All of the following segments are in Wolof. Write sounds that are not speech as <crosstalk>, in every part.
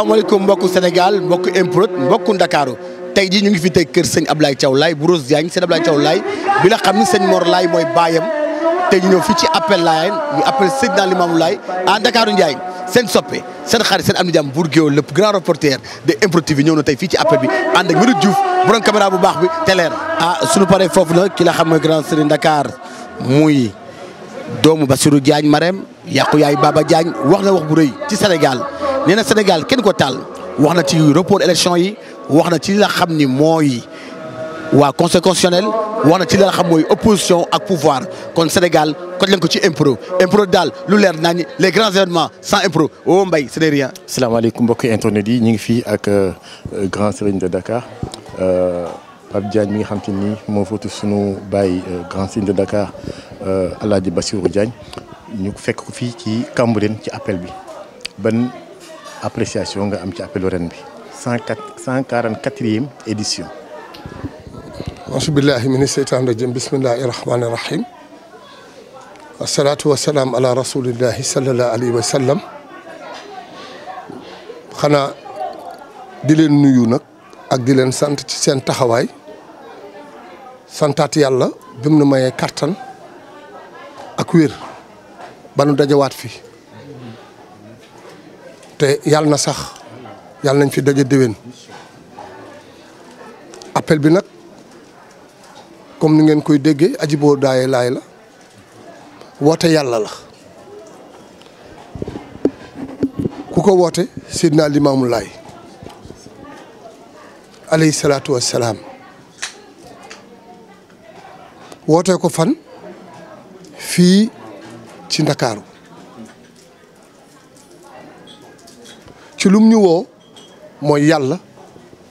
asalaamaaleykum mbokku Sénégal mbokku improt mbokku Ndakaaru tey jii ñu ngi fi tey kër sëñ Ablaye Thiaw Laye bu Rose Diagne sëñ Ablaye Thiaw Laye bi la xam ni sëñ Mor Laye mooy baayam tey ñëw fii ci appel Laayeen ñu appel sëñ naa Limaamu Laye à Ndakaaru Ndiaye seen soppe seen xarit seen am di jàmm buur géwél lépp grand reporter de Impro TV ñëw na tey fii ci appel bi ànd ak Medoune Diouf bu baax bi te leer ah suñu foofu nag ki la xam mooy grand sëriñ Dakar muy doomu Bassirou jaañ Marème yàqu yaay Baba jaañ wax na wax bu rëy ci Sénégal nee na Sénégal kenn ko taal wax na ci report élection yi wax na ci la xam ni mooy waa conseil constitutionnel wax na ci la xam mooy opposition ak pouvoir kon Sénégal koj leen ko ci impro impro daal lu leer nañ les grands événements sans impro woo oh, mbay ce n'est rien. salaamaaleykum mbokki internet yi ñu ngi fii ak euh, grand sëriñ de Dakar euh, Pape Diagne mi nga xam te ni moo fóotu sunu baay euh, grand sëriñ de Dakar El Hadj Bassirou Diagne ñu fekk ko fii ci Cambérène ci appel bi appréciation nga am ci appelu ren bi cent quatre cent quarante quatrième édition asubillahi mina seytaan rajim bismillahi rahmani rahim wasalaatu wasalaam ala rasulillahi salallahu alayhi xanaa di leen nuyu nag ak di leen sant ci seen taxawaay santaat yàlla bi mu nu mayee kattan ak wér ba dajawaat fi te yàlla na sax yàlla nañ fi daje déwén appel bi nag comme ni ngeen koy déggee ajiboo daaye laay la woote yàlla la ku ko woote Seydina Limaamu lay alayhi salaatu wassalaam woote ko fan fii ci Ndakaaru ci lum ñu woo mooy yàlla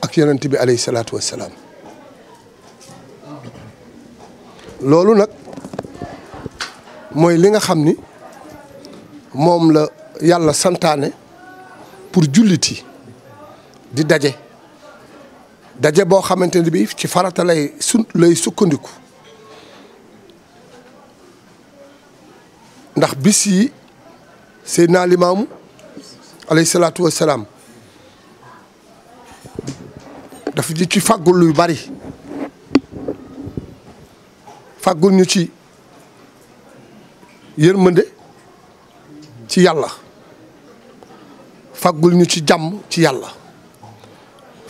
ak yonent bi alayhi salaatu wassalaam loolu nag mooy li nga xam ni moom la yàlla santaane pour jullit yi di daje daje boo xamante ne bi ci farata lay su lay sukkandiku ndax bis yi naa Limaamu alayhi salaatu wa salaam daf ñu ci fàggul yu bari fàggul ñu ci yërmande ci yàlla fàggul ñu ci jàmm ci yàlla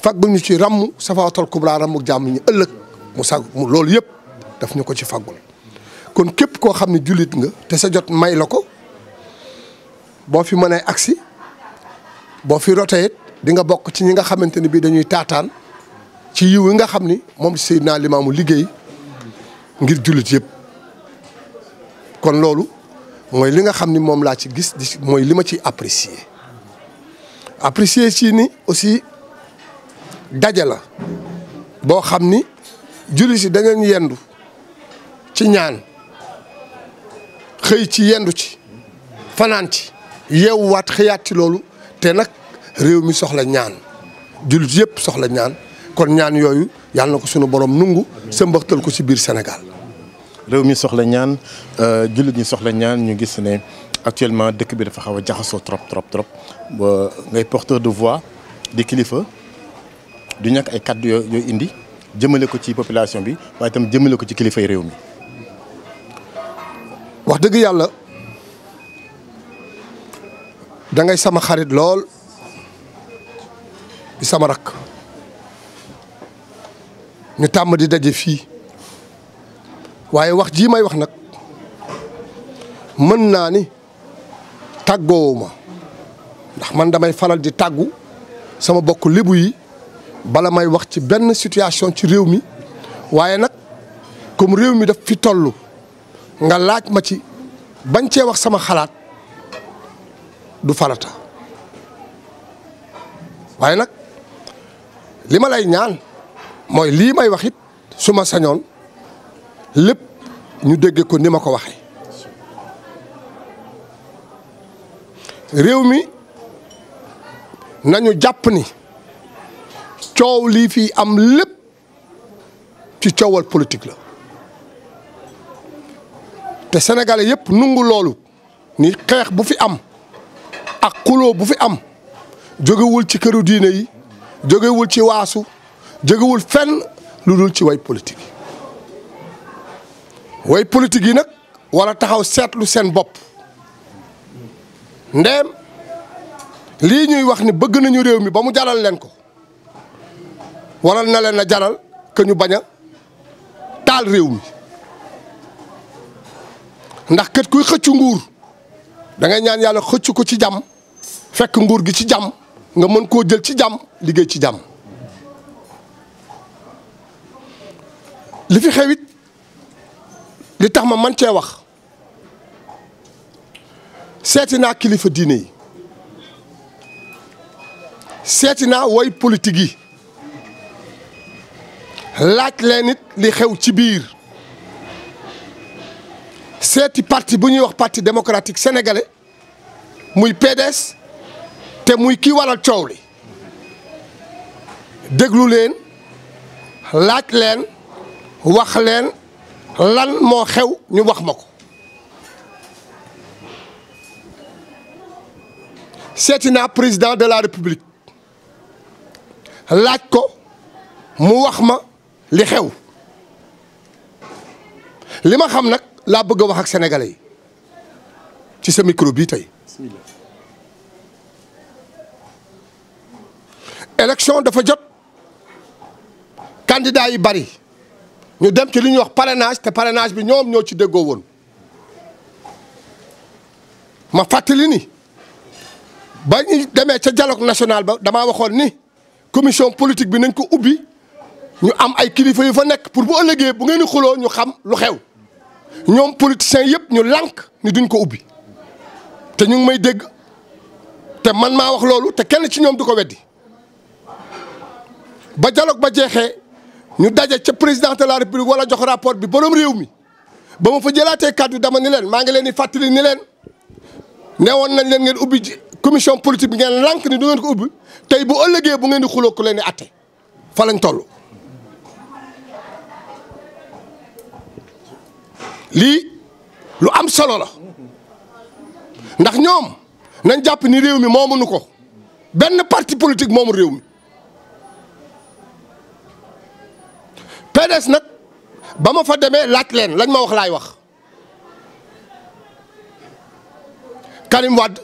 fàggul ñu ci ràmm safaatal kubra ràmmu jàmm ñu ëllëg mu sàgg loolu yëpp daf ñu ko ci fàggul kon képp koo xam ne jullit nga te sa jot may la ko boo fi mënee agsi boo fi rotee di nga bokk ci ñi nga xamante ni bii dañuy taataan ci yiw yi nga xam ni moom si Seydina Limaamu liggéey ngir jullit yëpp kon loolu mooy li nga xam ni moom laa ci gis di mooy li ma ci apprécier apprécier ci ni aussi dajala boo xam ni jullit yi danañ yendu ci ñaan xëy ci yendu ci fanaan ci yeewuwaat xëyaat ci loolu te nag réew mi soxla ñaan jullit yëpp soxla ñaan kon ñaan yooyu yàlla na ko sunu borom nungu sëmbaxtal ko si biir Sénégal. réew mi soxla ñaan euh, jullit ñi soxla ñaan ñu gis ne actuellement dëkk bi dafa xaw a jaxasoo trop trop trop ba ngay porteur de voix di kilifa du ñàkk ay kàddu yooyu indi jëmale ko ci population bi waaye itam jëmale ko ci kilifay réew mi. wax dëgg yàlla dangay sama xarit lool. sama rakk ñu tàmm di daje fii waaye wax jii may wax nag mën naa ni tàggoowuma ndax man damay faral di tàggu sama bokk lébu yi bala may wax ci benn situation ci réew mi waaye nag comme réew mi daf fi tollu nga laaj ma ci bañ cee wax sama xalaat du farata waaye nag li ma lay ñaan mooy lii may wax it su sañoon lépp ñu dégge ko ni ma ko waxee réew mi nañu jàpp ni coow lii fii am lépp ci coowal politique la te sénégalais yépp nungu loolu ni xeex bu fi am ak xuloo bu fi am jógewul ci këru diine yi jógewul ci waasu jógewul fenn lu dul ci way politique yi way politique yi nag war taxaw seetlu seen bopp ndeem lii ñuy wax ni bëgg nañu réew mi ba mu jaral leen ko waral na leen a jalal que ñu bañ a taal réew mi ndax kët kuy xëccu nguur dangay ñaan yàlla xëccu ko ci jàmm fekk nguur gi ci jàmm nga mën koo jël ci jàmm liggéey ci jàmm li fi xewit li tax ma man cee wax seeti naa kilifa diine yi seeti naa woy politique yi laaj leen it li xew ci biir seeti parti bu ñuy wax parti démocratique sénégalais muy PDS te muy kii waral coow li déglu leen laaj leen wax leen lan moo xew ñu wax ma ko seeti naa président de la république laaj ko mu wax ma li xew li ma xam nag laa bëgg a wax ak sénégalais yi ci sa micro bii tey. élection dafa jot candidat yi bari ñu dem ci li ñuy wax parrainage te parrainage bi ñoom ñoo ci déggoo woon ma fàttali ni ba ñu demee ca dialogue national ba damaa waxoon ni commission politique bi nañ ko ubbi ñu am ay kilifa yu fa nekk pour boo ëllëgee bu ngeen di xuloo ñu xam lu xew ñoom politiciens yëpp ñu lànk ni duñ ko ubbi te ñu ngi may dégg te man maa wax loolu te kenn ci ñoom du ko weddi ba dialogue ba jeexee ñu daje ca président de la république wala jox rapport bi borom réew mi ba ma fa jëlaatee kàddu dama ni leen maa ngi leen di fàttali ni leen woon nañ leen ngeen ubbi commission politique bi ngeen lànk ni du ngeen ko ubbi tey bu ëllëgee bu ngeen di xuloo ku leen di atte fa lañ toll. lii lu am solo la ndax ñoom nañ jàpp ni réew mi nu ko benn parti politique moomu réew mi. PDS nag ba ma fa demee laaj leen lañ ma wax laay wax Karim Wade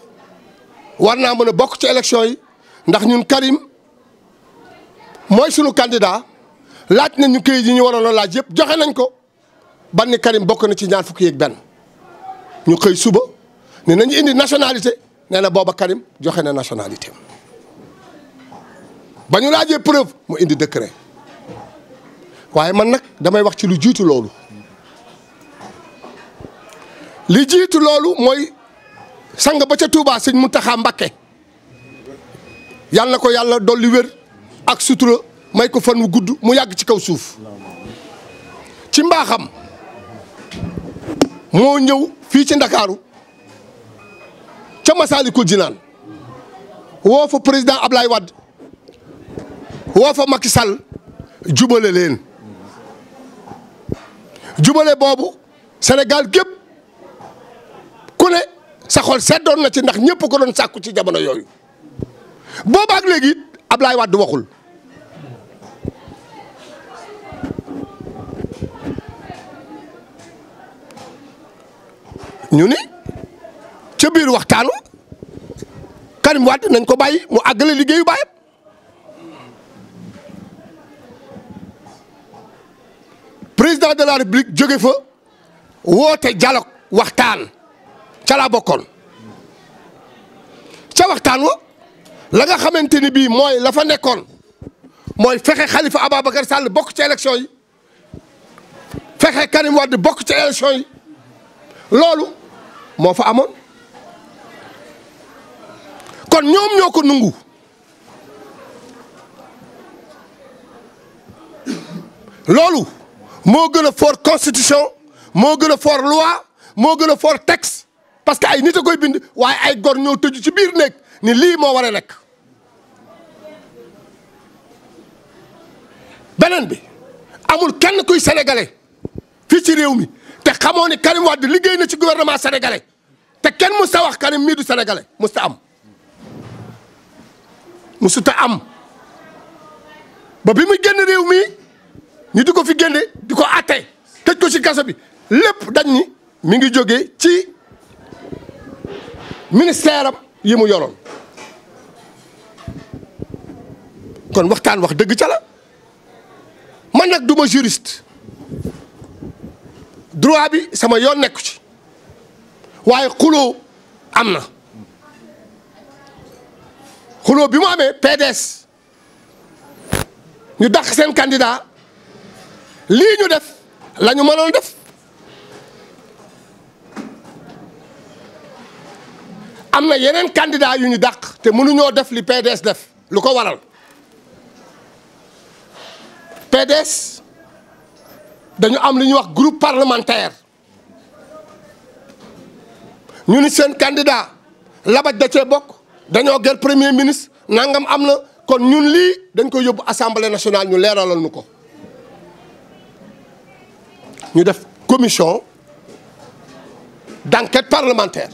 war naa mën a bokk ci élection yi ndax ñun Karim mooy sunu candidat laaj nañ ñu këyit yi ñu waroon a laaj yëpp joxe nañ ko ban ni Karim bokk na ci ñaar fukki yeeg benn ñu xëy suba ne nañu indi nationalité nee na booba Karim joxe na nationalité ba ñu laajee preuve mu indi décret. waaye man nag damay wax ci lu jiitu loolu li jiitu loolu mooy sang ba ca Touba mu Mountakha Mbacké yàlla na ko yàlla dolli wér ak sutura may ko fan wu gudd mu yàgg ci kaw suuf ci mbaaxam moo ñëw fii ci Ndakaaru ca Masaalikul Jinaan woo fa président Ablaye Wade woo fa Macky Sall jubale leen jubale boobu Sénégal gépp ku ne sa xol seddoon na ci ndax ñëpp ko doon sàkku ci jamono yooyu booba ak léegi Ablaye Wade waxul ñu ni ca biir waxtaanu Karim Wade nañ ko bàyyi mu àggale liggéeyu baayam président de la république jóge fa woote dialogue waxtaan ca laa bokkoon ca waxtaan wa la nga xamante ni bii mooy la fa nekkoon mooy fexe xalifa Ababacar Sall bokk ci élection yi fexe Karim Wade bokk ci élection yi loolu moo fa amoon kon ñoom ñoo ko nungu loolu moo gën a fort constitution moo gën a foor loi moo gën a foor texte parce que ay nit a koy bind waaye ay gor ñoo tëju ci biir néeg ni lii moo war a nekk beneen bi amul kenn kuy senegale fii ci réew mi te xamoo ni Karim Wade liggéey na ci gouvernement senegale te kenn musta wax Karim mii du sénégalais musta am musuta am ba bi muy génn réew mi ñu di ko fi génne di ko àtte tëj ko ci kaso bi lépp dañ ni mi ngi jóge ci ministère am yi mu yoroon kon waxtaan wax dëgg cala man nag du ma juriste droit bi sama yoon nekku ci waaye xuloo am na xuloo bi mu amee PDS ñu dàq seen candidat lii ñu def lañu ñu mënoon def am na yeneen candidat yu ñu dàq te mënuñoo def li PDS def lu ko waral PDS dañu am lu ñuy wax groupe parlementaire ñu ni seen candidat labaj da cee bokk dañoo gër premier ministre nangam am na kon ñun lii dañ koy yóbbu assemblée nationale ñu leeralal ñu ko ñu def commission d'enquête parlementaire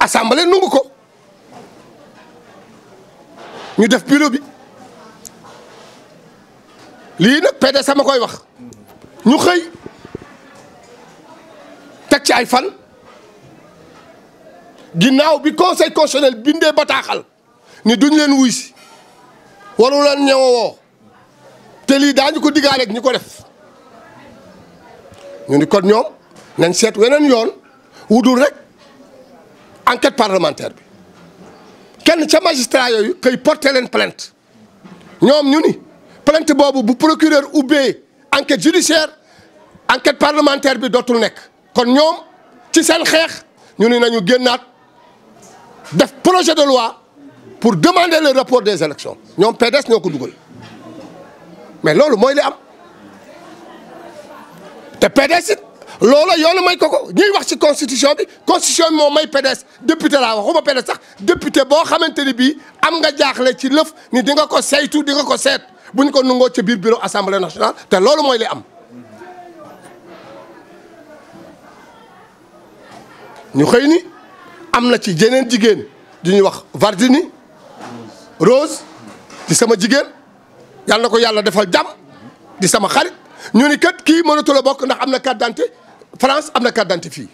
assemblée nungu ko ñu def bureau bi lii nag PDS sama koy wax ñu xëy teg ci ay fan ginnaaw bi conseil constitutionnel bindee bataaxal ni duñ leen wuy si waru leen ñëwoo te lii ñu ko diggaale ak ñi ko def ñu ni kon ñoom nañ seet weneen yoon wudul rek enquête parlementaire bi kenn ca magistrat yooyu xëy porté leen plainte ñoom ñu ni plainte boobu bu procureur ubbee enquête judiciaire enquête parlementaire bi dootul nekk kon ñoom ci seen xeex ñu ni nañu génnaat def projet de loi pour demander le report des élections ñoom PDS ñoo ko dugal mais loolu mooy li am te PDS it loola yoonu may ko ko ñuy wax ci constitution bi constitution moo may PDS député laa waxuma PDS sax député boo xamante ni bii am nga jaaxle ci lëf ni di nga ko saytu di nga ko seet bu ñu ko nungoo ci biir bureau assemblée nationale te loolu mooy li am. ñu xëy ni am na ci jeneen jigéen di ñuy wax Vardini Rose ci sama jigéen. yàlla na ko yàlla defal jàmm di sama xarit ñu ni kat kii mënatu la bokk ndax am na carte d'identité France am na carte d'identité fii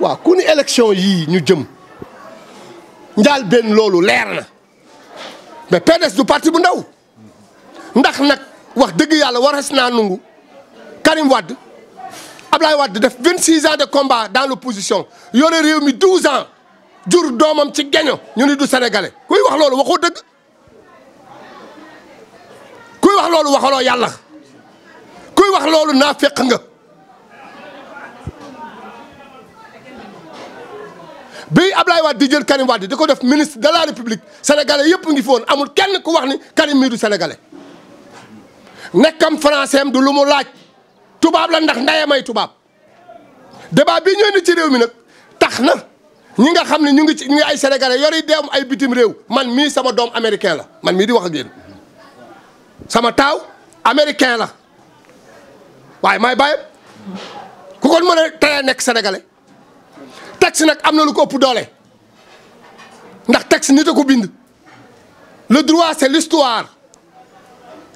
waaw ku ni élection yii ñu jëm njaal benn loolu leer na mais PDS du partie bu ndaw ndax nag wax dëgg yàlla war waras naa nungu Karim Wade Ablaye Wade def vingt six ans de combat dans l'opposition yore réew mi douze ans jur doomam ci geño ñu ni du sénégalais kuy wax loolu waxoo dëgg kuy loolu waxaloo yàlla kuy wax loolu naa féq nga bi Ablaye Wade di jël Karim Wade di ko def ministre de la République sénégalais yëpp ngi fi woon amul kenn ku wax ni Karim mii du sénégalais nekkam français am du lu mu laaj tubaab la ndax ndeyamay tubaab débat bi ñëw ni ci réew mi nag tax na ñi nga xam ne ñu ngi ci ñu ay sénégalais yori deem ay bitim réew man mii sama doom américain la man mii di wax a yéen sama taaw américain la waaye may bàyyam ku kon mën a tayee nekk sénégalais texte nag am na lu ko ëpp doole ndax texte nit a ko bind le droit c'est l'histoire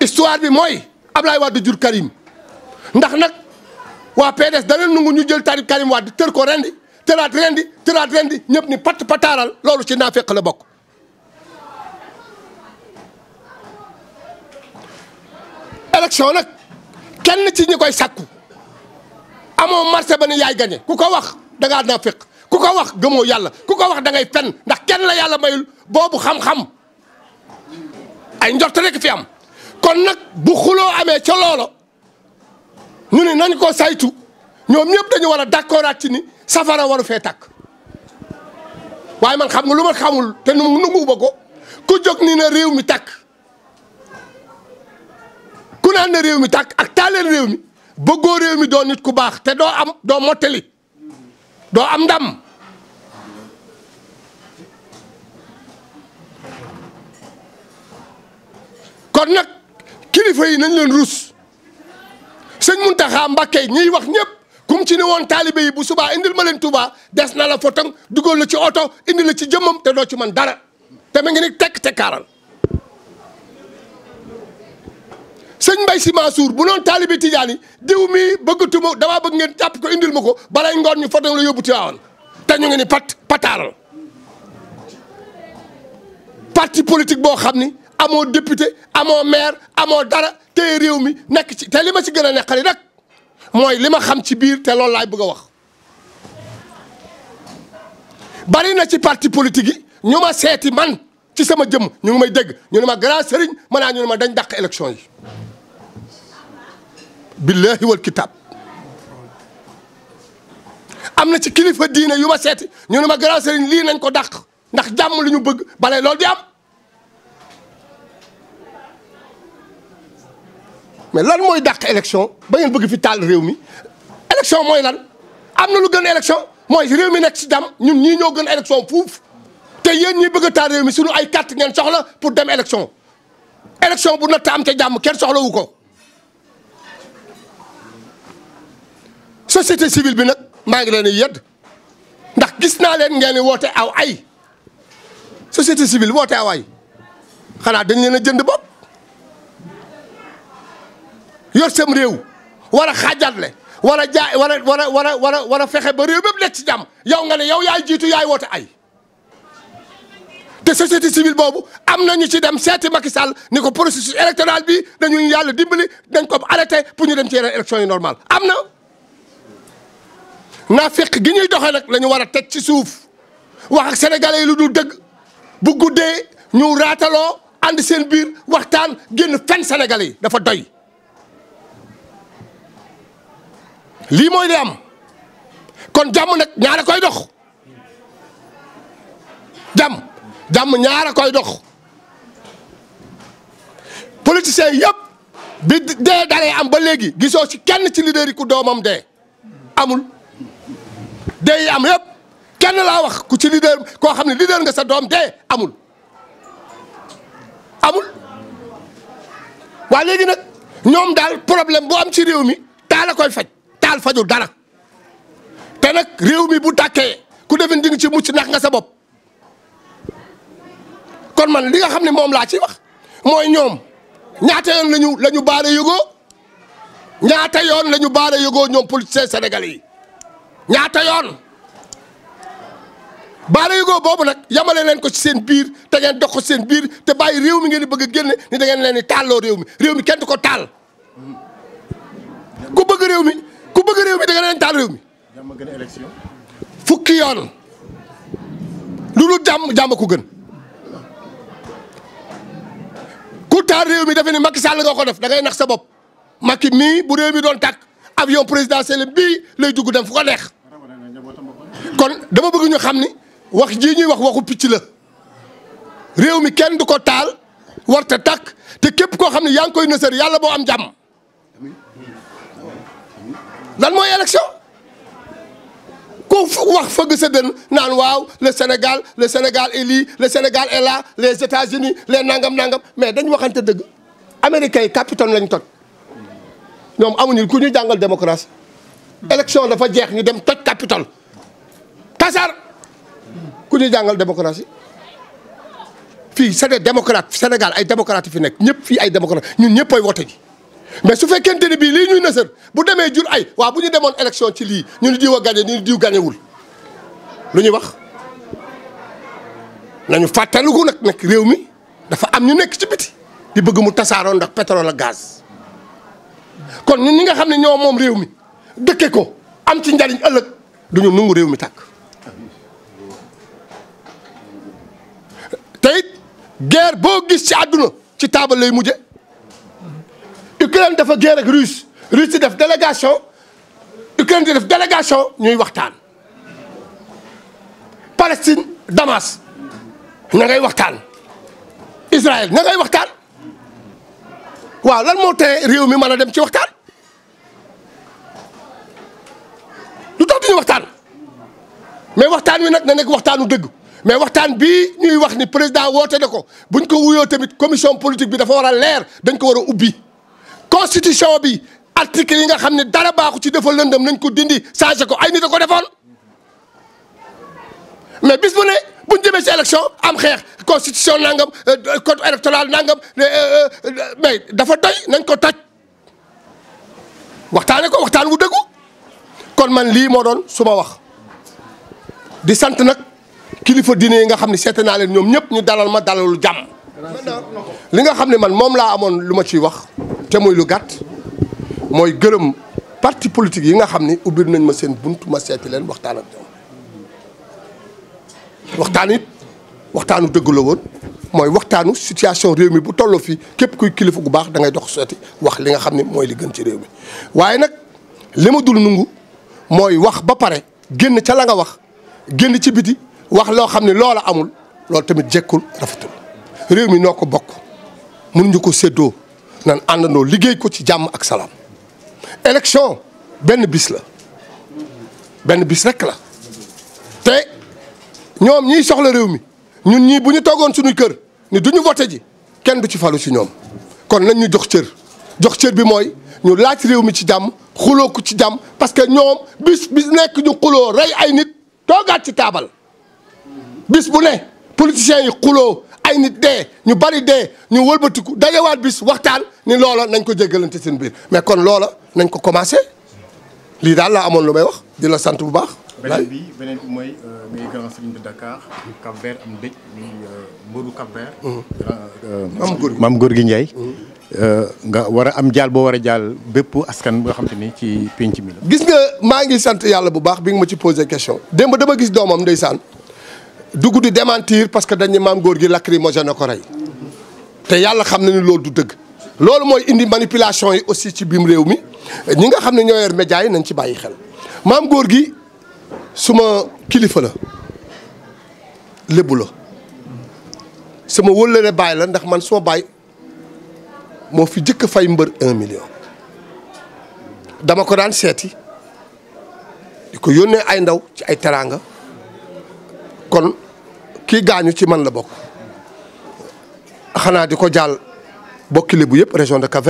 histoire bi mooy Ablaye Wade jur Karim ndax nag waa PDS da leen nangu ñu jël tarif Karim Wade tër ko rendi tëraat ren di tëraat ren di ni patt pataaral loolu ci naafeq la bokk élection nag kenn ci ñi koy sàkku amoo marché ba ne yaay gañe ku ko wax da ngaa ku ko wax gëmoo yàlla ku ko wax da ngay fen ndax kenn la yàlla mayul boobu xam-xam ay njort rek fi am kon nag bu xuloo amee ca loolo ñu ne nañ ko saytu ñoom ñëpp dañu war a d'accord ci ni safara waru fee takk waaye man xam nga lu ma xamul te nu nungu ba ko ku jog nii na réew mi tàkk ku naan na réew mi tàkk ak taaleen réew mi bëggoo réew mi doo nit ku baax te doo am doo mottali doo am ndam kon nag kilifa yi nañ leen rus sëñ Muntaxa Mbàkke ñiy wax ñëpp kum ci ni woon taalibe yi bu subaa indil ma leen Touba des na la fotam dugal la ci oto indi la ci jëmmam te doo ci man dara te ma ngi ni tekk te kaaral mbay si Sy Mansour bu noon taalibe tijaan yi diw mii bëggatuma damaa bëgg ngeen jàpp ko indil ma ko balay ngoon ñu fotam la yóbbu Tiwaawan te ñu ngi ni pat pataaral parti politique boo xam ni amoo député amoo maire amoo dara te réew mi nekk ci te li ma ci gën a neqali rek mooy li ma xam ci biir te loolu laay bëgg wax bari na ci parti politique yi ñu ma seeti man ci sama jëm ñu ngi may dégg ñu ne ma grand sëriñ ma naa ñu ne ma dañ dàq élection yi billahi wal am na ci kilifa diine yu ma seeti ñu ne ma grand sëriñ lii nañ ko dàq ndax jàmm li ñu bëgg bale loolu di am mais lan mooy dàq élection ba ngeen bëgg fi taal réew mi élection mooy lan am na lu gën élection mooy réew mi nekk si jàmm ñun ñii ñoo gën élection fuuf te yéen ñuy bëgg a taal réew mi suñu ay carte ngeen soxla pour dem élection élection bu natt am ca jàmm kenn soxlawu ko société civile bi nag maa ngi leen di yedd ndax gis naa leen ngeen di woote aw ay société civile woote aw ay xanaa dañ leen a jënd bopp yor sam réew war a xaajatle war a jaay war a war a war a war a war a fexe ba réew bépp nekk ci jàmm yow nga ne yow yaay jiitu yaay woote ay te société civile boobu am na ñu ci dem seeti Macky Sall ni ko processus électoral bi dañuy yàlla dimbali dañ ko arrêté pour ñu dem ci yeneen élection yi normal am na naa fekk gi ñuy doxee nag la ñu war a teg ci suuf wax ak sénégalais yi lu dul dëgg bu guddee ñu raataloo ànd seen biir waxtaan génn fen sénégalais yi dafa doy lii mooy li am kon jàmm nag ñaara koy dox jàmm jàmm ñaara koy dox politiciens yëpp bi dee dalee am ba léegi gisoo ci kenn ci leader yi ku doomam dee amul dee am yëpp kenn laa wax ku ci leader koo xam ne leader nga sa doom dee amul amul waa léegi nag ñoom daal problème boo am ci réew mi daa koy faj taal faju dara te nag réew mi bu tàkkee ku defe di ci mucc nax nga sa bopp kon man li nga xam ne moom laa ci wax mooy ñoom ñaata yoon la ñu la ñu baare ñaata yoon la ñu baare yëgoo ñoom politiciens sénégalais yi ñaata yoon baare yëgoo boobu nag yamale leen ko ci seen biir te ngeen dox ko seen biir te bàyyi réew mi ngeen di bëgg a génne ni da ngeen leen di taalloo réew mi réew mi kenn du ko taal ku bëgg réew mi ku bëgg réew mi da nga leen taal réew mi. jàmm gën a élection. fukki yoon lu dul jàmm jàmm ku gën ku taal réew mi dafa ni Macky Sall nga ko def da ngay nax sa bopp Macky mii bu réew mi doon tàkk avion présidentiel bii lay dugg dem fu ko neex. kon dama bëgg ñu xam ni wax jii ñuy wax waxu picc la réew mi kenn du ko taal warta takk te képp koo xam ne yaa ngi koy nësër yàlla boo am jàmm. lan mooy élection ku wax fëgg sa dën naan waaw le Sénégal le Sénégal est lii le Sénégal est là les États-Unis les nangam nàngam mais dañ waxante dëgg américains yi capitaine lañ toj ñoom amuñu ku ñu jàngal démocratie élection dafa jeex ñu dem toj capitole tasaar ku ñu jàngal démocratie fii c'est des démocrates Sénégal ay démocrates fi nekk ñëpp fi ay démocrates ñun ñëpp ay wote ji mais su fekkente ne bii lii ñuy nësër bu demee jur ay waa bu ñu demoon élection ci lii ñu ni diw a gañe ñu gañewul lu ñuy wax nañu fàttaliku nag nag réew mi dafa am ñu nekk ci biti di bëgg mu tasaaroon ndax pétrole ak gaas kon ñun ñi nga xam ne ñoo moom réew mi dëkke ko am ci njariñ ëllëg duñu nungu réew mi tàkk tey guerre boo gis ci àdduna ci taabal lay mujje Ukraine dafa guerre ak Russie Russie def délégation Ukraine di def délégation ñuy waxtaan Palestine Damas ña ngay waxtaan Israël ña ngay waxtaan waaw lan moo tee réew mi mën a dem ci waxtaan lu tax ñu waxtaan mais waxtaan wi nag na nekk waxtaan u dëgg mais waxtaan bii ñuy wax ni président woote na ko buñ ko wuyoo tamit commission politique bi dafa war a leer dañ ko war a ubbi constitution bi article yi nga xam ne dara baaxu ci dafa lëndëm nañ ko dindi changé ko ay nit a ko defoon mais bis bu ne buñ demee ci élection am xeex constitution nangam euh, code électoral nangam euh, euh, mais dafa doy nañ ko toj waxtaane ko waxtaan wu dëggu kon man lii moo doon su ma wax di sant nag kilifa diine yi nga xam ne seete naa leen ñoom ñëpp ñu dalal ma dalalu jàmm li nga xam ne man moom laa amoon lu ma ciy wax te muy lu gàtt mooy gërëm parti politique yi nga xam ni ubbi nañ ma seen bunt ma seeti leen waxtaan ak ñoom waxtaan it waxtaanu dëgg woon mooy waxtaanu situation réew mi bu tolloo fii képp kuy kilifa gu baax dangay ngay dox seeti wax li nga xam ne mooy li gën ci réew mi waaye nag li ma dul nungu mooy wax ba pare génn ca la nga wax génn ci biti wax loo xam ne loola amul loolu tamit jekkul rafetul réew mi noo ko bokk mënuñu ko séddoo nan àndandoo liggéey ko ci jàmm ak salaam. élection benn bis la benn bis rek la te ñoom ñiy soxla réew mi ñun ñii bu ñu toogoon suñu kër ni duñu voté ji kenn du ci falu si ñoom kon nañ ñu jox cër jox cër bi mooy ñu laaj réew mi ci jàmm xuloo ko ci jàmm parce que ñoom bis bis nekk ñu xuloo rey ay nit toogaat ci taabal bis bu ne politiciens yi xuloo ay nit dee ñu bari dee ñu wëlbatiku dajewaat bis waxtaan ni loola nañ ko jéggalante seen biir mais kon loola nañ ko commencé lii daal laa amoon lu may wax di la sant bu baax. bi mooy euh, ngay grand serigne de Dakar Cap Vert gi maam góor war a am jaal boo war a jaal bépp askan bi nga xam te ni ci penc mi gis nga maa ngi sant yàlla bu baax bi nga ma ci posé question. démb dama gis doomam ndeysaan dugg di démentir parce que dañu maam góor gi lacrymogène na ko rey te yàlla xam na ni loolu du dëgg loolu mooy indi manipulation yi aussi ci biim réew mi ñi nga xam ne ñoo yor média nañ ci bàyyi xel maam góor gi suma kilifa la lébu la sama wëllëre baay la ndax man soo baay moo fi jëkk fay mbër un million dama ko daan seeti di ko yónnee ay ndaw ci ay teraanga kon kii gaañu ci man la bokk xanaa di ko jaal bokki Lebu yëpp région de cap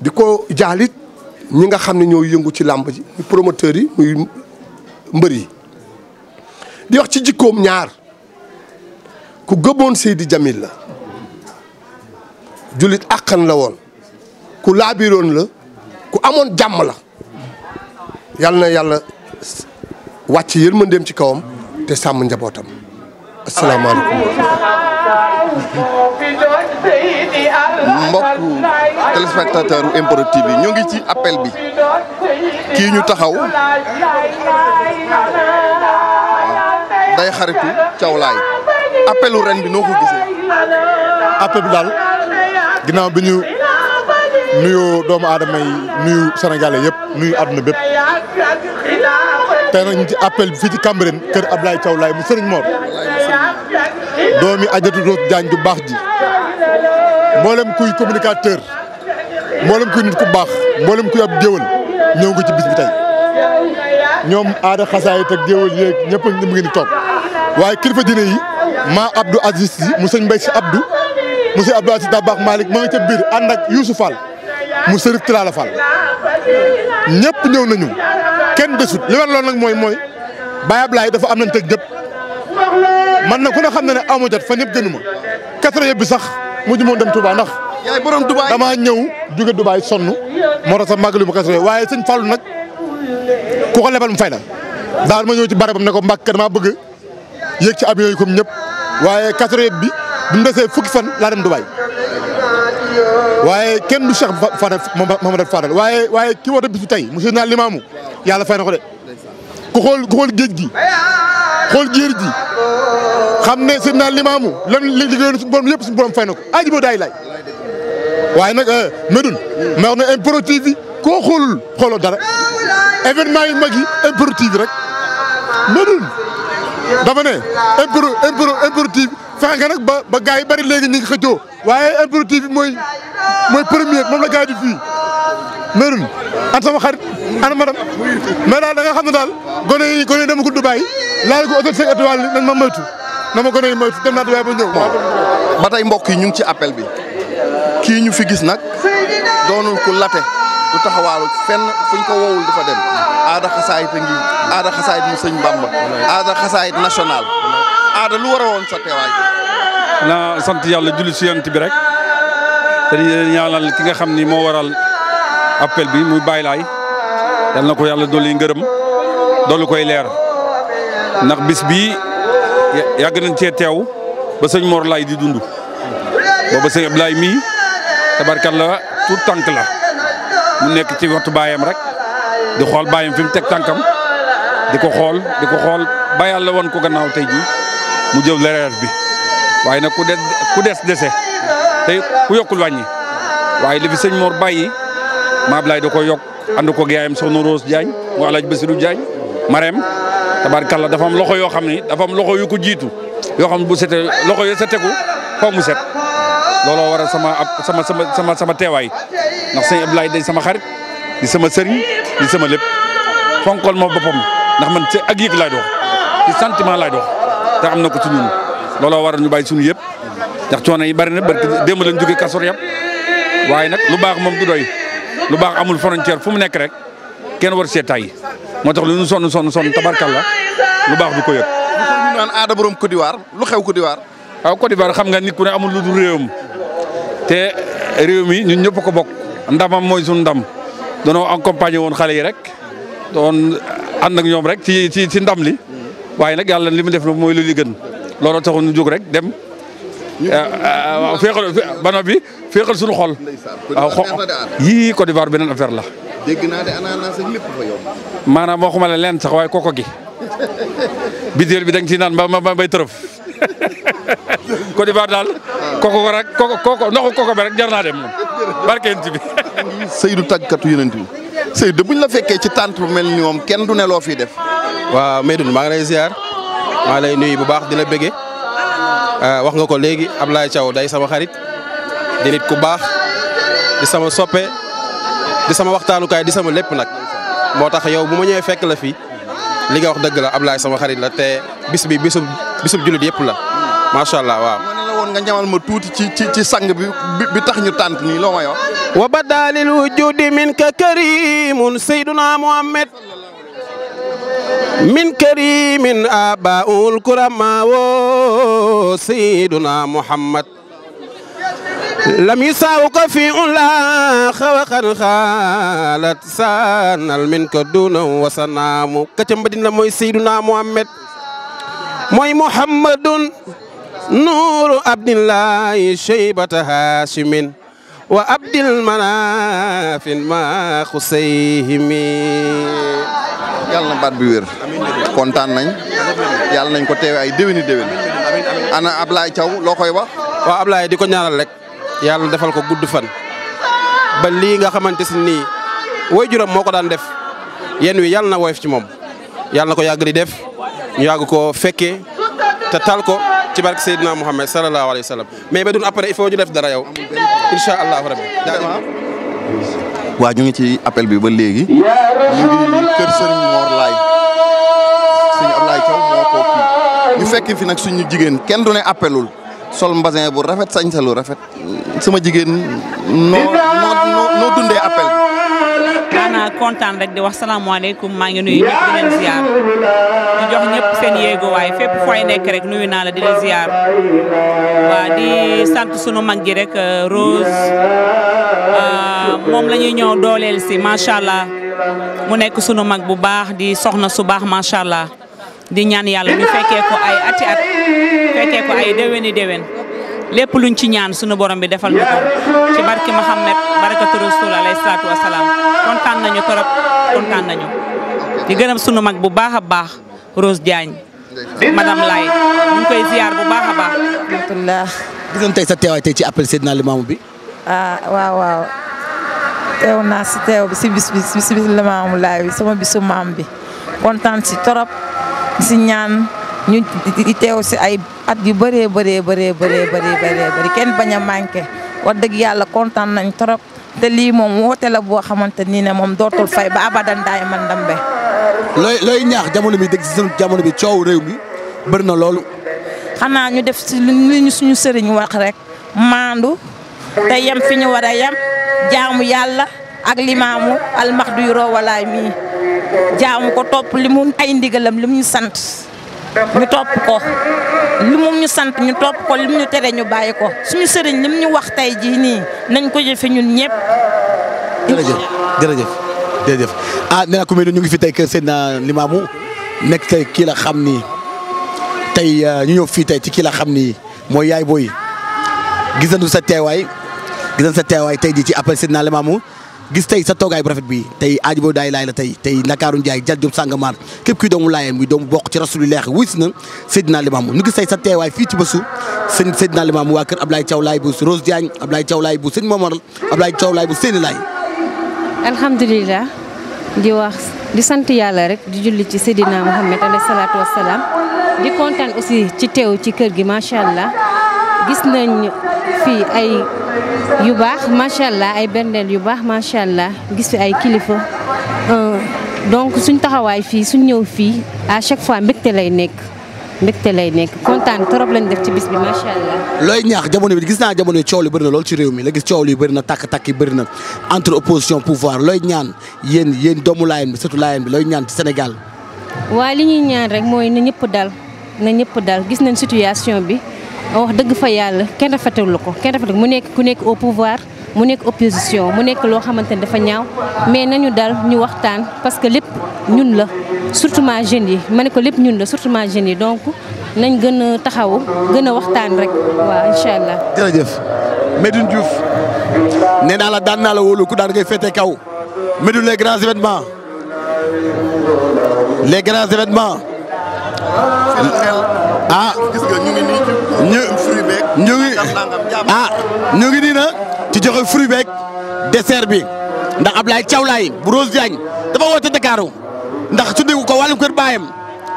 di ko jaalit ñi nga xam ne ñoo yëngu ci làmb ji muy promoteurs yi muy mbër yi di wax ci jikkoom ñaar ku gëmoon Seydi Jamil la julit akan la woon ku laabiroon la ku amoon jàmm la yal na yàlla wàcc yërmandeem ci kawam te sàmm njabootam asalaamaaleykum mbokk téléspectateur u MPROD ñoo ngi ci appel bi kii ñu taxaw day xaritu cawlaay appelu ren bi noo ko gisee. appel bi daal ginnaaw bi ñu nuyu doomu adama yi nuyu sénégalais yëpp nuyu àdduna bépp tey nag ñu ci appel bi fii ci Cambérène kër Ablaye Thiaw mu Serigne Mor. doomi Adjaratou Rose Diagne ju baax ji mboolem kuy communicateur mboolem kuy nit ku baax mboolem kuy ab géwël ñëw nga ci bis bi tey ñoom aada xasaay te géwël yeeg ñëpp ñu ngi toog waaye yi maa Abdou Aziz si mu sëñ Mbaye si Abdou mu sëñ Abdou Aziz Dabakh Malick nga ca biir ànd ak Youssou Fall mu sërif Tilala Fall ñëpp ñëw nañu kenn desut li war nag mooy mooy Baye Ablaye dafa am nañ teg ñëpp man na ko ne xam na ne amu jot fan yëpp gënu ma quatre bi sax mujj moom dem Touba ndax. yaay borom Dubaay damaa ñëw jóge Dubaay sonn moo tax sax màggalu ma quatre waaye sëñ Fallou nag ku ko lebal mu fay la daal ma ñëw ci ba barabam ne ko Mbàkke damaa bëgg yéeg ci avion yi comme ñëpp waaye quatre yëpp bi bu mu desee fukki fan laa dem Dubaay. waaye kenn du Cheikh Fadel Mamadou Fadel waaye waaye ki woote bisu tey monsieur Ndaa Limamou yàlla fay na ko de. ku xool ku xool géej gi xool jéer ji xam ne seen naa limaamu lan li liggéeyoon suñu borom yëpp suñu borom fay na ko aji boo daay laay waaye nag euh, Médoune ma wax ne MPROD TV koo xoolul xooloo dara événement yu mag yi MPROD TV rek Médoune dafa ne impro impro improductif fexe nga nag ba ba gars yi bari léegi ñu ngi xëccoo waaye improductif bi mooy mooy premier moom la gars yi di fii merun an sama xarit ana madam mais daal da nga xam ne daal gone yi gone yi dama ko Dubaay laal ko autorité étoile nañ ma moytu na ma gone yi moytu dem naa Dubaay ba ñëw ba tey mbokk yi ñu ngi ci appel bi kii ñu fi gis nag doonul ku late du taxawaalu fenn fuñ ko woowul dafa dem aada xasaayit mu sëñ Bamba aada xasaayit national aada lu war a woon sa teewaay naa sant yàlla julli si yonent bi rek dañuy leen ñaanal ki nga xam ni moo waral appel bi mu Baye lay yal na ko yàlla dolli ngërëm doolu koy leer ndax bis bi yàgg nañ cee teew ba sëñ Mor Laye di dund booba sëñ Ablaye mii tabarkalla tout tànk la mu nekk ci wattu baayam rek di xool bàyyam fi mu teg tànkam di ko xool di ko xool ba yàlla ko gannaaw tey ji mu jëw lereer bi waaye nag ku des ku des dese tey ku yokkul wàññi waaye li fi sëñ Mor bàyyi ma Ablaye da ko yokk ànd ko yaayam soxna Rose jaañ mu Alaaji Basiru Diagne Marème tabaarkalla dafa am loxo yoo xam ni dafa am loxo yu ko jiitu yoo xam bu sete loxo yoo sa tegu faw mu set looloo waral sama sama sama sama teewaay ndax sëñ Ablaye day sama xarit di sama sëriñ di sama lépp fonkol ma boppam ndax man ci ak yëg laay dox ci sentiment laay dox te am na ko ci ñun looloo waral ñu bàyyi suñu yëpp ndax coono yi bari na barki démb lañ jógee kasor yam waaye nag lu baax moom du doy lu baax amul frontière fu mu nekk rek kenn war see tay moo tax lu ñu sonn sonn sonn lu baax du ko yëg ñu naan aada borom Côte d'Ivoire lu xew Côte d'Ivoire waaw Côte d'Ivoire xam nga nit ku ne amul lu dul réewam te réew mi ñu ñëpp ko bokk ndamam mooy suñu ndam danoo accompagner woon xale yi rek doon ànd ak ñoom rek ci ci ci ndam li waaye nag yàlla li mu def na mooy lu li gën looloo taxoon ñu jóg rek dem. Euh, euh, waaw féexal bi féexal suñu xol. waaw xo yii Côte d'Ivoire beneen affaire la. dégg naa de ananas ak lépp maanaam waxuma la leen sax waaye koko gi <laughs> bidéel bi da ciy naan ba ba bay tërëf <laughs> Côte d'Ivoire daal. Ah. koko ko rek koko koko ndoxu koko rek jar dem moom <laughs> barkeent bi. Seydou tàggkatu yonent bi Seydou buñ la fekkee ci tànt bu mel ni moom kenn du ne loo fiy def. waaw Medoune maa ngi lay ziar maa lay nuyu bu baax di la bëggee ah, wax nga ko léegi Ablaye Thiaw day sama xarit di nit ku baax di sama soppe di sama waxtaanukaay di sama lépp nag moo tax yow bu ma ñëwee fekk la fi li nga wax dëgg la Ablaye sama xarit la te bis bi bisub jullit yëpp la macha allah waaw. bëggoon nga ñamal ma tuuti ci ci ci sang bi bi tax ñu tànt nii loo may wax wa badalil wujudi min ka karimun sayduna muhammad min karimin abaul kurama wo sayduna muhammad lam yusawuka fi ula xawaxan xaalat sanal min ka duna wasanaamu ka ca Madina mooy sayduna muhammad mooy muhammadun nuuru abdillahi cheybata haashimin wa abdil manaafin ma xuseyhimi yàlla na baat bi wér kontaan nañ yàlla nañ ko teewe ay déwéni déwén ana Ablaye Thiaw loo koy wax waaw Ablaye di ko ñaanal rek yàlla defal ko gudd fan ba lii nga xamante si nii woy juram moo ko daan def yéen wi yàlla na woyof ci moom yàlla ko yàgg def ñu yàgg ko fekkee te taal ko ci barke Seydina Mouhamed sallallahu alayhi wa sallam mais ba dun après il faut ñu def dara yow incha allahu rabbi waa ñu ngi ci appel bi ba léegi. ñu ngi kër Serigne Mor Laye suñu Ablaye Thiaw moo ko kii ñu fi nag suñu jigéen kenn du ne appelul sol mbasin bu rafet sañsalu rafet sama jigéen noo noo noo dundee appel. maanaa kontaan rek di wax salaamaaleykum maa ngi nuyu ñëpp di leen ziar di jox ñëpp seen yéego waaye fépp fooy nekk rek nuyu naa la di la ziar waa di sant sunu mag ji rek euh, Rose euh, moom la ñuy dooleel si macha allah mu nekk sunu mag bu baax di soxna su baax macha allah di ñaan yàlla ñu fekkee ko ay ati at fekkee ko ay déwéni déwén. lépp luñ ci ñaan sunu borom bi defal na ko ci barki Muhammad barakatu rasul alayhi salaatu wasalaam kontaan nañu torop kontaan nañu di gërëm sunu mag bu baax a baax Rose Diagne madame Laye ñu ngi koy ziar bu baax a baax alhamdulilah gis nañ tey sa teewaay ci appel Seydina Limaamu bi ah waaw waaw teew naa si teew bi si bi Limaamu Laay sama bisu maam bi kontaan si torop si ñaan ñu teew si ay at yu bëree bëree bëree bëree bëree bëri kenn bañ a manqué wax dëgg yàlla kontaan nañ trop te lii moom woote la boo xamante nii ne moom dootul fay ba abadan daay man ndambe looy looy ñaax jamono bi dëgg si sunu jamono bi coow réew mi bëri na loolu. xanaa ñu def si suñu sëriñ wax rek maandu te yem fi ñu war a yem jaamu yàlla ak limaamu almaxdu yu roowalaay mii jaamu ko topp li mu ay ndigalam li mu sant. ñu topp ko li mu ñu sant ñu topp ko lim ñu tere ñu bàyyi ko suñu sëriñ lim ñu wax tey jii nii nañ ko jëfe ñun ñëpp. jërëjëf jërëjëf jërëjëf ah nee naa commune ñu ngi fi tey kër Seydina Limamou nekk tey kii la xam ni tey ah, ñu ñëw fii tey ci kii xam ni mooy yaay booy gisanu sa teewaay gisanu sa teewaay tey jii ci appel Seydina Limamou gis tey sa toogaay bu rafet bi tey aaju boobu daay laay la tey tey Ndakaaru Ndiaye jal Diop Sàngamaar képp kuy doomu laayeen muy doomu bokk ci rasulu leex na Seydina Limaamu ñu gis tey sa teewaay fii ci bésu sëñ Seydina Limaamu waa kër Ablaye Thiaw Laay bu Rose Diagne Ablaye Thiaw Laay di wax di sant yàlla rek di julli ci Seydina Muhammad alayhi salaatu wasalaam di kontaan aussi ci teew ci kër gi macha allah gis nañ fii ay yu baax macha allah ay berndeel yu baax macha allah gis fi ay kilifa euh, donc suñ taxawaay fii suñ ñëw fii à chaque fois mbégte lay nekk mbégte lay nekk kontaan trop lañ def ci bis bi macha allah. looy ñaax jamono bi gis naa jamono coow li bëri lool ci réew mi la gis coow li bëri na tàkk-tàkk yi na entre opposition pouvoir looy ñaan yéen yéen doomu Laayeen bi surtout Laayeen bi looy ñaan ci Sénégal. waa li ñuy ñaan rek mooy na ñëpp dal na ñëpp dal gis nañ situation bi. wax dëgg fa yàlla kenn rafetewul ko kenn rafetewul mu nekk ku nekk au pouvoir mu nekk opposition mu nekk loo xamante ne dafa ñaaw mais nañu dal ñu waxtaan parce que lépp ñun la surtout ma jeunes yi ma ne ko lépp ñun la surtout ma jeunes yi donc nañ gën a taxawu gën a waxtaan rek waaw incha allah. jërëjëf Medoune Diouf nee naa la daan naa la wóolu ku daan ngay féete kaw Medoune les grands événements les grands événements. ah gis ñu ñu ngi ah ngi nii na ci joxe fruit beeg dessert bi ndax Ablaye Thiaw Laye bu Rose Diagne dafa woote Dakaru ndax tuddee ko wàllum kër baayam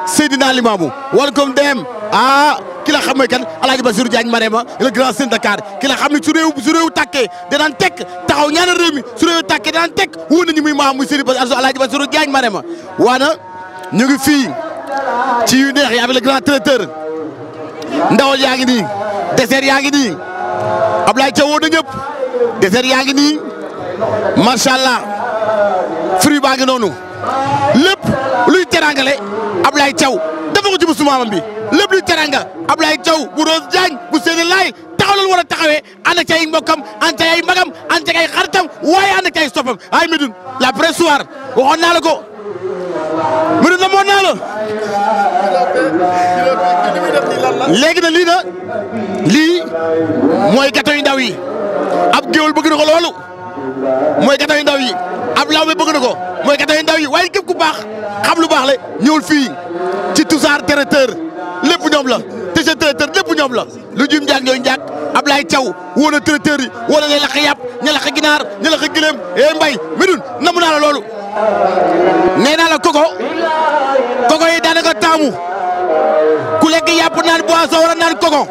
Seydina Limamou wala comme dem ah ki la xam mooy kan El ba Bassirou Diagne Marème le grand sëñ Dakar ki xam ne su réew su réew tàkkee danaan tekk taxaw ñaanal réew mi su réew tàkkee danaan tekk wóor nañu muy maam muy Serigne Bass El Hadj Bassirou Diagne Marème waana ñu ngi fii ci yu neex yi avec grand traiteur. ndawal yaa ngi nii désert yaa ngi nii Ablaye Thiaw woo na ñëpp désert yaa ngi nii macha allah baa ngi noonu lépp luy terangale Ablaye Thiaw caw ko ci bésu maamam bi lépp luy teranga Ablaye Thiaw bu Rose Diagne bu Séné Laay taxawal war a taxawee ànd ak ay mbokkam ànd ak ay magam ànd ak ay xaritam waaye ànd ak ay soppam ay Médoune la pressoir waxoon naa la ko. mu ne namoon naa la. na lii na lii mooy gato yu ndaw yi ab géwél bëgg na ko loolu mooy gato yu yi ab lawbe bëgg na ko mooy gato yu ndaw yi waaye képp ku baax xam lu baax la ñëwul fii ci Toucar traiteur lépp ñoom la te seen traiteur lépp ñoom la lu jum njaag ñooy njaag Ablaye Thiaw woo na traiteurs yi woo na ña lax a yàpp ña lax a ginaar ña lax a gëléem eh mbay mi dun namu naa loolu nee naa la koko koko yi daanaka taamu ku lekk yàpp naan boisson war a naan koko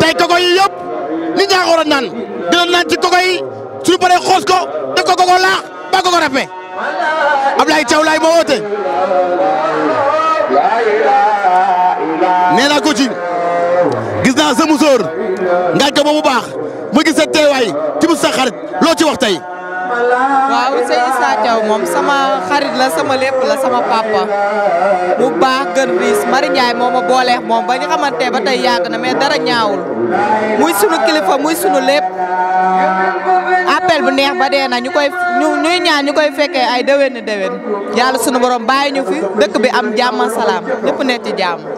tey koko yi yëpp li ñaax war a naan ki naan ci koko yi suñu ko def ko koko laax ba koko rafet Ablaye Thiaw laay moo woote nee naa gis naa sa musóor ngaaj ko ba mu baax ma gis sa teewaay ci sa xarit loo ci wax tey. waaw sëñ Issa Diaw moom sama xarit la sama lépp la sama papa mu baax gën riis Mari Ndiaye moo ma booleex moom ba ñu xamante ba tey na mais dara ñaawul muy sunu kilifa muy sunu lépp appel bu neex ba dee na ñu koy ñuy ñaan ñu koy fekkee ay déwén ni déwén sunu borom bàyyi ñu fi dëkk bi am jàmm salaam ñëpp ne ci jàmm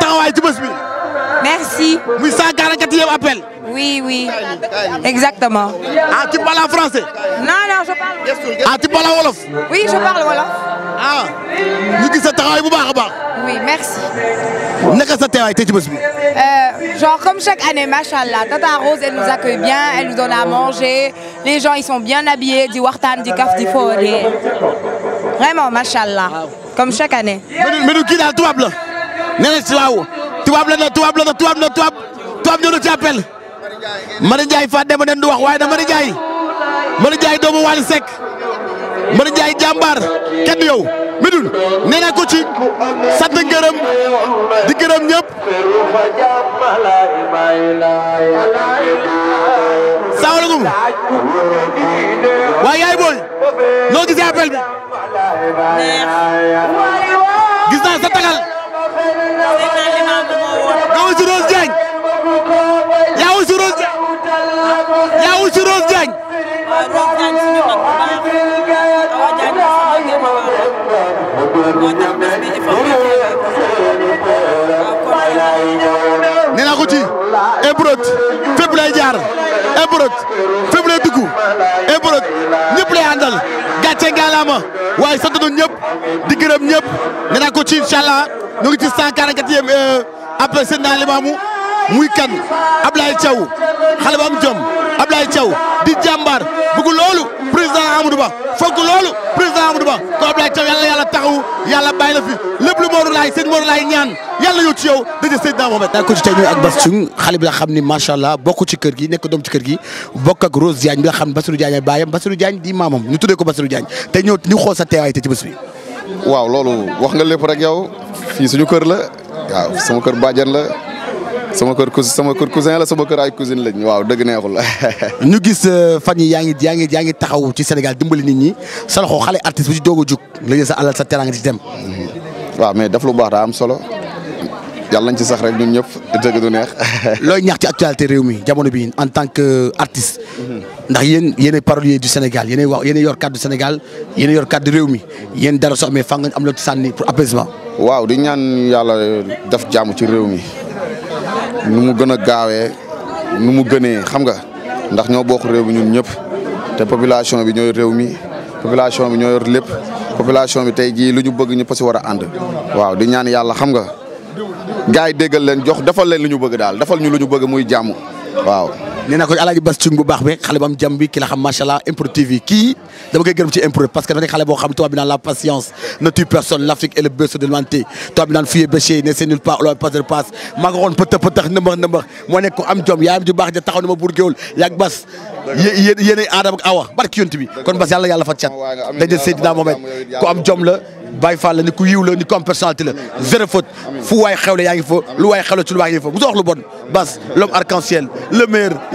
taxawaay ci bés bi. merci. muy 144e appel. oui oui exactement. ah tu parles en français. non non je parle. ah tu parles wolof. oui je parle wolof. ah ñu gis sa taxawaay bu baax a baax. oui merci. naka sa teewaay tey ci bés bi. Euh, genre comme chaque année machallah Tata Rose elle nous accueille bien elle nous donne à manger les gens ils sont bien habillés di waxtaan di kaf di foo vraiment machallah comme chaque année. mais du kii daal tubaab la. nee na si waaw tubaab la tubaab la tubaab la tubaab tubaab ñëw na appel Mari fa dem den du wax waaye na Mari Ndiaye Mari Ndiaye doomu Waly Seck Mari Ndiaye jàmbaar yow Médoune nee naa ko ci sant ngërëm di gërëm ñëpp salaamaaleykum waaye yaay booy noo gisee appel gis naa moo tax ko ci Ebrod eh, fépp lay jaar Ebrod eh, fépp lay dugg Ebrod eh, ñëpp lay àndal gàcce ngalaama waaye sant nañu ñëpp di ko ci incha allah ci 144e euh, après seen naa limaamu muy kan Ablaye Thiaw xale bu am jom Ablaye Thiaw di jàmbaar bëgg loolu président Amadou Ba foog loolu président Amadou Ba ko Ablaye Thiaw yàlla yàlla taxawu yàlla bàyyi la fi lépp lu Modou Laye sëñ Modou Laye ñaan yàlla yow ci yow dëjë Seydina Mohamed daa ko ci ak Bass Thioung xale bi nga xam ni macha allah bokk ci kër gi nekk doom ci kër gi bokk ak Rose Diagne bi nga xam ne Bassirou Diagne ay baayam Bassirou Diagne di maamam ñu tudee ko Bassirou Diagne te ñëw ñu xool sa teewaay te ci bés bi waaw loolu wax nga lépp yow fii suñu kër la waaw sama kër la sama kër cousin sama kër cousin la sama kër ay cousine lañ waaw dëgg neexul. <laughs> ñu gis euh, fan yaa ngi yaa ngi ngi taxaw ci Sénégal dimbali nit ñi sa loxo xale artiste bu ci doog a jug la jël sa alal sa teraanga ci dem. Mm-hmm. waaw mais daf lu baax daa am solo yàlla nañ ci sax rek ñun ñëpp dëgg du neex. <laughs> looy ñaax ci actualité réew mi jamono bi en tant que euh, artiste. Mm-hmm. ndax yéen yéenay parolier du Sénégal yéenay wax yéenay yor kàddu Sénégal yéenay yor kàddu réew mi yéen dara soo amee fan am loo ci sànni pour apaisement. waaw di ñaan yàlla def jàmm ci réew mi nu mu gën a gaawee nu mu gënee xam nga ndax ñoo bokk réew mi ñun ñëpp te population bi ñooy réew mi population bi ñoo yor lépp population bi tey jii lu ñu bëgg ñu pasi war a ànd waaw di ñaan yàlla xam nga gars yi déggal leen jox defal leen lu ñu bëgg daal defal ñu lu ñu bëgg muy jàmm waaw nee naa ko alaaji bas cing bu baax bi xale bu am jàmm bi ki kii dama koy gërëm ci parce que dafa boo xam tubaab bi la patience ne tue personne l'Afrique est le berceau de l'humanité tubaab bi naan fuyee ne c'est nulle part looy pas de passe maa nga xoon pëtë pëtëx nëmbax nëmbax ko am jom yaayam ju baax ja taxaw na ma bas yéen yéenay aadama ak awa barki yonent bi kon bas yàlla yàlla fa cat dañ dee Seydina Mohamed ku am jom la Baye Fall la ni ku yiw la ni ku am personnalité la zéro faute fu waay xewle yaa ngi fa lu waay xewle ci lu baax yaa ngi fa bu soo wax lu bon bas l'homme arc-en-ciel le maire